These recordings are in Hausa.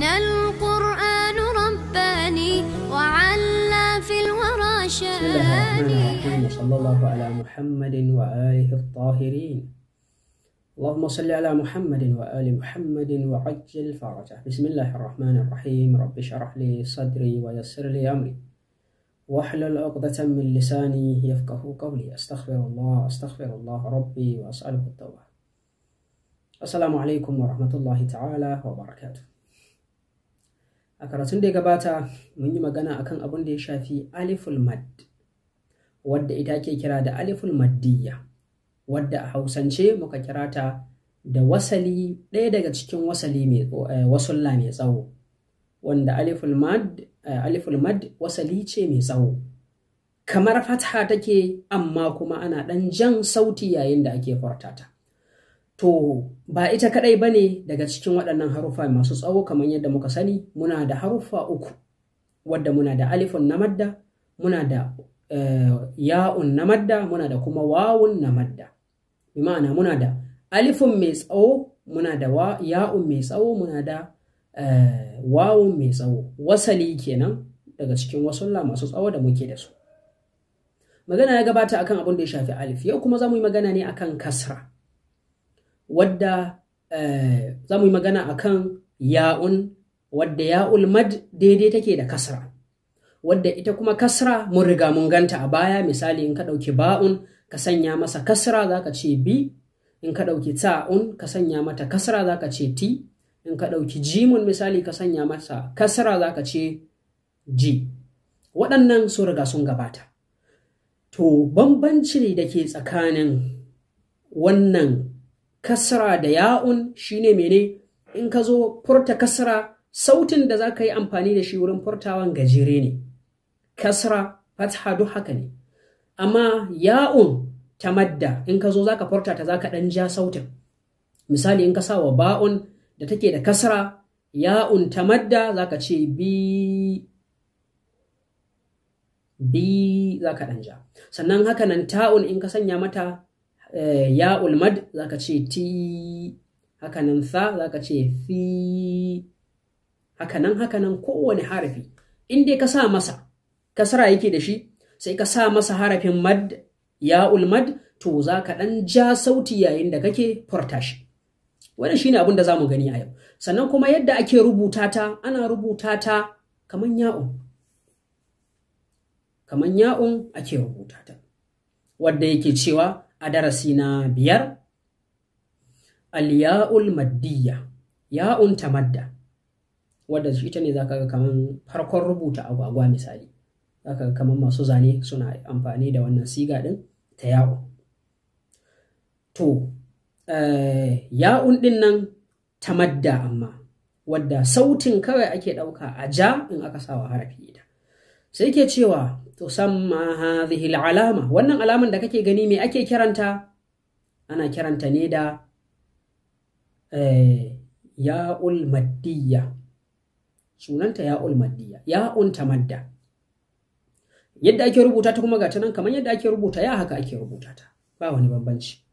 كان القرآن رباني وعلى في الورى شاني وصلى الله على محمد وآله الطاهرين اللهم صل على محمد وآل محمد وعجل فرجه بسم الله الرحمن الرحيم رب اشرح لي صدري ويسر لي أمري واحلل عقدة من لساني يفقه قولي أستغفر الله أستغفر الله ربي وأسأله التوبة السلام عليكم ورحمة الله تعالى وبركاته a karatun da ya gabata mun yi magana akan abin da ya shafi aliful mad wadda ita ke kira da aliful maddiya wadda a hausance muka kira ta da wasali ɗaya daga cikin wasali mai eh, wasulla mai tsawo wanda eh, aliful mad wasali ce mai tsawo kamar fatha take amma kuma ana ɗan jan sauti yayin da ake furtata To, ba ita kaɗai ba ne daga cikin waɗannan harufa masu tsawo kamar yadda muka sani, muna da haruffa uku, wadda muna da alifun na madda, muna da uh, ya'un na madda, muna da kuma wawun na madda. Bi ma'ana muna da alifun mai tsawo, muna da ya'un mai tsawo, muna da uh, wawun mai tsawo. Wasali kenan daga cikin wasulla masu tsawo da muke da su. Magana ya gabata akan abin da ya shafi alif, yau kuma za mu yi magana ne akan kasra. wadda eh, za mu yi magana a kan ya'un wadda ya'ul mad daidai take da kasra wadda ita kuma kasra mun riga mun ganta a baya misali in ka ɗauki ba'un ka sanya masa kasra za ka ce bi in ka ɗauki ta'un ka sanya mata kasra za ka ce ti in ka ɗauki jimun misali ka sanya masa kasra za ka ce ji waɗannan sun riga sun gabata to bambanci da ke tsakanin wannan kasra da ya'un shine mene in ka zo furta kasra sautin da za ka yi amfani da shi wurin furtawan gajere ne kasra fatha duk haka ne amma ya'un tamadda in ka zo za ka furta ta za ka ɗan ja sautin misali in ka sa wa ba'un da take da kasra ya'un tamadda za ka ce bi bi za ka ɗan ja sannan haka nan ta'un in ka sanya mata Eh, ya ulmad za ka ce ti hakanan sa za ka ce fi hakanan hakanan kowane harafi inda ka sa masa kasara yake da shi sai ka sa masa harafin mad ya ulmad to za ka ɗan ja sauti yayin da kake furta shi Wani shine abin da za mu gani a yau sannan kuma yadda ake rubuta ta ana rubuta ta kamar ya'un kaman ya'un ake rubuta ta wadda yake cewa a darasi na biyar al maddiya maddiyya ya'un tamadda wadda ita ne zaka ga kaman farkon rubuta agwagwa misali za ga kaman masu zane suna amfani da wannan siga ɗin ta ya'u to eh, ya'un ɗinnan nan tamadda amma wadda sautin kawai ake ɗauka a ja in aka sawa harafi ita sai ke cewa tusamma hadhihi alama wannan alaman da kake gani me ake kiranta ana kiranta ne da eh, ya'ul maddiya sunanta ya'ul maddiya ya'un tamadda yadda ake rubuta ta kuma ga ta nan kamar yadda ake rubuta ya haka ake rubuta ta ba wani bambanci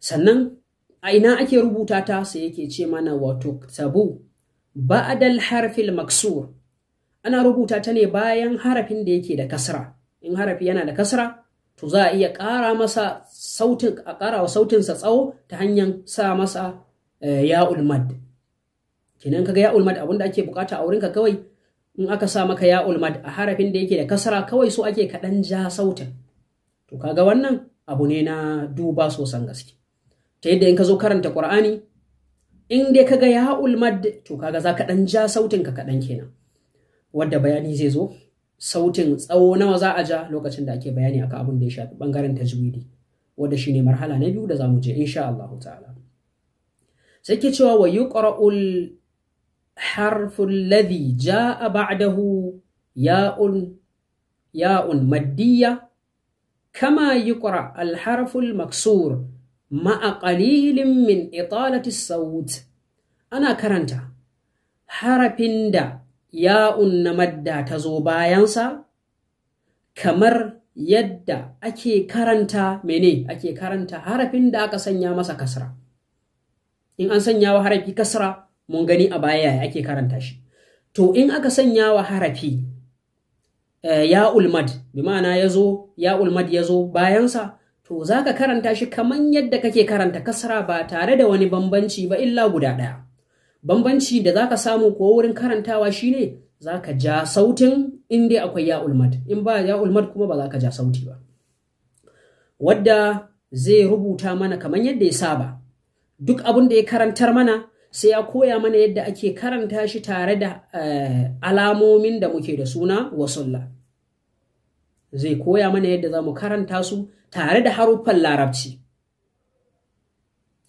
sannan a ina ake rubuta ta sai yake ce mana wato tabu ba'dal harfil maksur ana rubuta ta ne bayan harafin da yake da kasra in harafi yana da kasra to za a iya ƙara masa sautin a ƙara wa sautinsa tsawo ta hanyar sa masa eh, ya ulmad kenan kaga ya ulmad abinda ake bukata a wurinka kawai in aka sa maka ya'ulmad ulmad a harafin da yake da kasra kawai so ake kaɗan ja sautin to kaga wannan abu ne na duba sosan gaske ta yadda in ka zo karanta Qur'ani in dai kaga ya ulmad to kaga za ka ɗan ja sautin ka kaɗan kenan wadda bayani zai zo sautin tsawo nawa za a ja lokacin da ake bayani akan abin da ya shafi bangaren tajwidi wadda shine marhala na biyu da zamu je insha Allah ta'ala sai ke cewa wa yuqra'ul harful ladhi jaa ba'dahu ya'un ya'un maddiya kama yuqra al harful maksur ma qalilin min italati sawt ana karanta harafin da ya'un na madda ta zo bayansa kamar yadda ake karanta mene ake karanta harafin da aka sanya masa kasra in an sanya wa harafi kasra mun gani a baya ake karanta shi to in aka sanya wa harafi eh, ya ulmad bi ma'ana ya zo ya ya bayansa to za ka karanta shi kaman yadda kake karanta kasra ba tare da wani bambanci ba illa guda ɗaya bambanci da zaka samu ko wurin karantawa shine zaka ja sautin in dai akwai ya ulmad in ba ya ulmad kuma ba zaka ja sauti ba wadda zai rubuta mana kamar yadda ya saba duk abin da ya karantar mana sai ya koya mana yadda ake karanta shi tare da eh, alamomin da muke da suna wasulla zai koya mana yadda za mu karanta su tare da haruffan larabci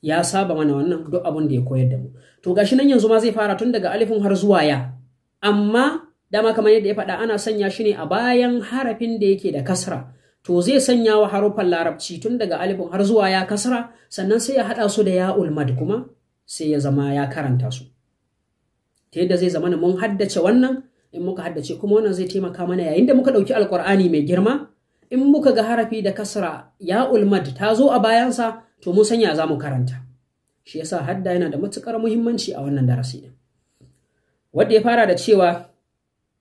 ya saba mana wannan duk abin da ya koyar da mu to gashi nan yanzu ma zai fara tun daga alifin har zuwa ya amma dama kamar yadda ya faɗa ana sanya shi ne a bayan harafin da yake da kasra to zai sanya wa harufan larabci tun daga alifin har zuwa ya kasra sannan sai ya haɗa su da ya ulmad kuma sai ya zama ya karanta su ta yadda zai zama mun haddace wannan in muka haddace kuma wannan zai taimaka mana yayin da muka ɗauki alkur'ani mai girma in muka ga harafi da kasra ya ulmad ta zo a bayansa to mun sanya za mu karanta shi yasa hadda yana da matukar muhimmanci a wannan darasi din wanda ya fara da cewa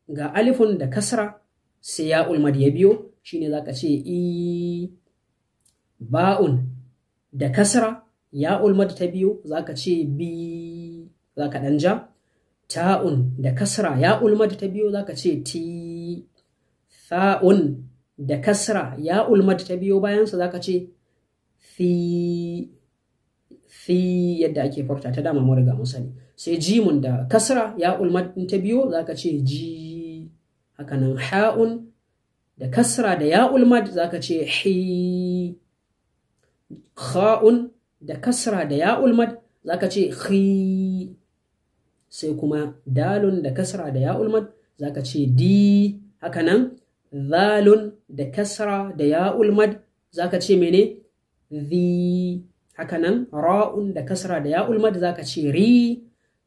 ga alifun da kasra sai ya ulmad ya biyo shine zaka ce i ba'un da kasra ya ulmad ta biyo zaka ce bi zaka dan ja ta'un da kasra ya ulmad ta biyo zaka ce ti tha'un da kasra ya ulmad ta biyo bayansa zaka ce fi fi yadda ake furta ta dama mun riga mun sani sai jimun da kasra ya ulma ta biyo zaka ce ji hakanan ha'un da kasra da ya ulmad zaka ce hi kha'un da kasra da ya ulmad zaka ce khi sai kuma dalun da kasra da ya ulmad zaka ce di hakanan zalun da kasra da ya ulmad zaka ce mene the hakanan ra'un da kasra da ya'ul mad zaka ce ri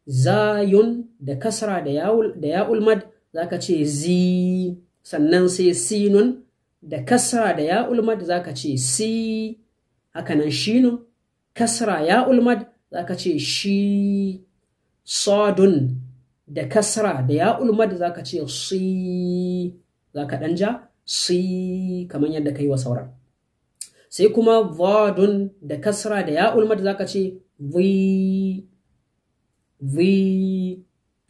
zayun da kasra da ya'ul da ya'ul mad zaka ce zi sannan sai sinun da kasra da ya'ul mad zaka ce si hakanan shinu kasra ya'ul mad zaka ce shi sadun da kasra da ya'ul mad zaka ce si zaka danja si kamar yadda kai wa sauran sai kuma vadun da kasra da ya'ul mad zaka ce vi vi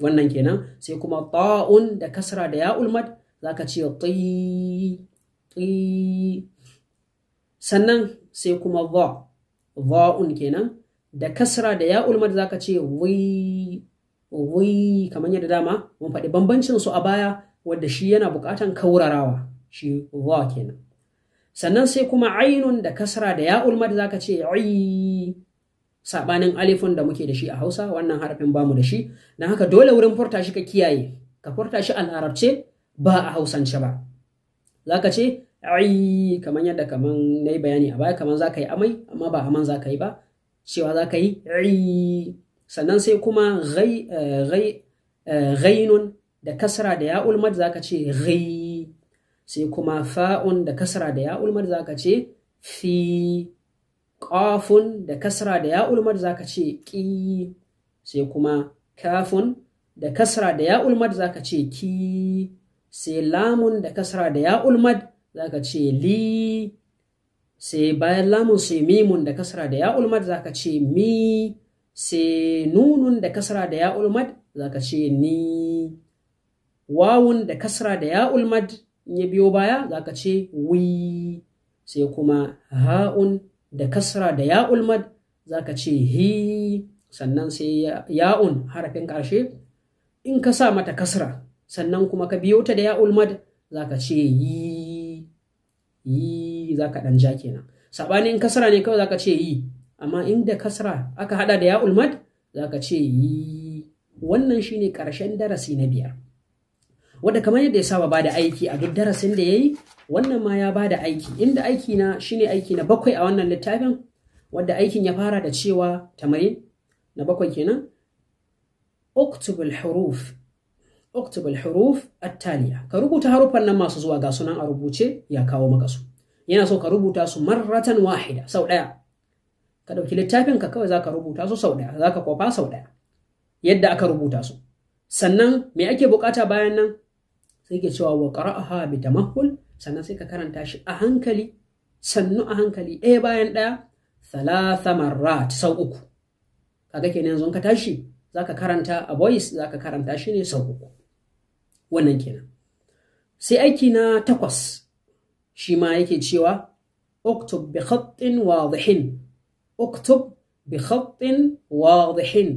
wannan kenan sai kuma ta'un da kasra da ya'ul mad zaka ce ti sannan sai kuma va va'un kenan da kasra da ya ulmar za ka ce wai kamar yadda dama mun faɗi bambancin su a baya wadda shi yana buƙatan kaurarawa shi Va kenan sannan sai kuma ainun da kasra da ya'ul mad zaka ce ai sabanin alifun da muke da shi a Hausa wannan harafin bamu da shi dan haka dole wurin furta shi ka kiyaye ka furta shi a larabce ba a Hausance ba zaka ce ai kaman yadda kaman nayi bayani a baya kaman zaka yi amai amma ba aman zaka yi ba cewa zaka yi ai sannan sai kuma eh, eh, ghainun da kasra da ya'ul mad zaka ce gai sai kuma fa'un da kasra da ya’ulmar za zaka ce fi ƙafun da kasra da ya’ulmar za zaka ce ƙi sai kuma kafun da kasra da ya’ulmar za zaka ce ki sai lamun da kasra da ya’ulmar za zaka ce li sai bayan lamun sai mimun da kasra da ya’ulmar za zaka ce mi sai nunun da kasra da ya’ulmar za zaka ce ni wawun da kasra da ya’ulmar in ya biyo baya za ka ce wi sai kuma ha'un da kasra da ya'ul mad za ka ce hi sannan sai ya'un harafin ƙarshe in ka sa mata kasra sannan kuma ka biyo ta da ya'ul mad za ka ce yi yi za ka ɗan ja kenan saɓanin kasra ne kawai za ka ce yi amma inda kasra aka haɗa da ya'ul mad za ka ce yi wannan shine ƙarshen darasi na biyar wadda kamar yadda ya saba bada aiki a duk darasin da ya yi wannan ma ya bada aiki inda aiki na shine aiki na bakwai a wannan littafin wadda aikin ya fara da cewa tamarin na bakwai kenan oktubul huruf oktubul huruf attaliya ka rubuta harufan nan masu zuwa ga sunan a rubuce ya kawo maka su yana so ka rubuta su marratan wahida sau ɗaya ka ɗauki littafin ka kawai zaka rubuta su sau ɗaya zaka kofa sau ɗaya yadda aka rubuta su sannan me ake bukata bayan nan sai ke cewa wa qara'aha bi tamakkul sannan sai ka karanta shi a hankali sannu a hankali ɗaya bayan ɗaya thalatha marrat sau uku kaga kenan yanzu ka tashi zaka karanta a voice zaka karanta shi ne sau uku wannan kenan sai aiki na takwas shi ma yake cewa uktub bi khattin wadihin uktub bi khattin wadihin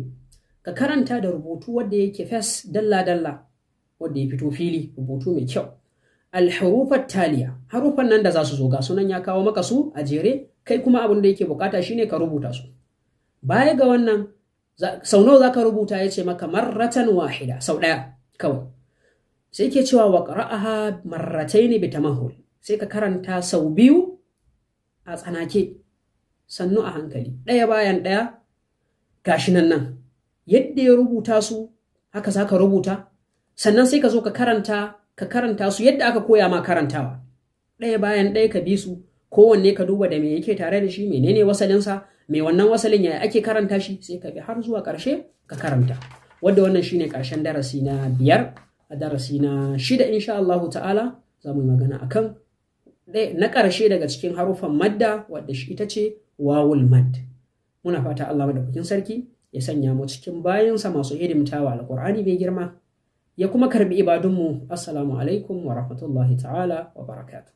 ka karanta da rubutu wanda yake fes dalla dalla wanda ya fito fili rubutu mai kyau alhurufat taliya harufan nan da za su zo ga sunan ya kawo maka su a jere kai kuma abin da yake bukata shine ka rubuta su baya ga wannan sau nawa zaka rubuta ya ce maka marratan wahida sau ɗaya kawai sai ke cewa wa qara'aha marrataini bi tamahul sai ka karanta sau biyu a tsanake sannu a hankali ɗaya bayan ɗaya Gashinan nan nan yadda ya rubuta su haka zaka rubuta sannan sai ka zo ka karanta ka karanta su yadda aka koya ma karantawa ɗaya bayan ɗaya ka bi su kowanne ka duba da me yake tare da shi menene sa? me wannan wasalin yaya ake karanta shi sai ka bi har zuwa ƙarshe ka karanta wadda wannan shine ƙarshen darasi na biyar a darasi na shida insha Allahu ta'ala za mu yi magana akan na ƙarshe daga cikin haruffan madda wadda shi ita ce wawul mad muna fata Allah madaukakin sarki ya sanya mu cikin bayansa masu hidimtawa alƙur'ani mai girma ya kuma karbi ibadunmu assalamu alaikum wa rahmatullahi ta'ala wa barakatuh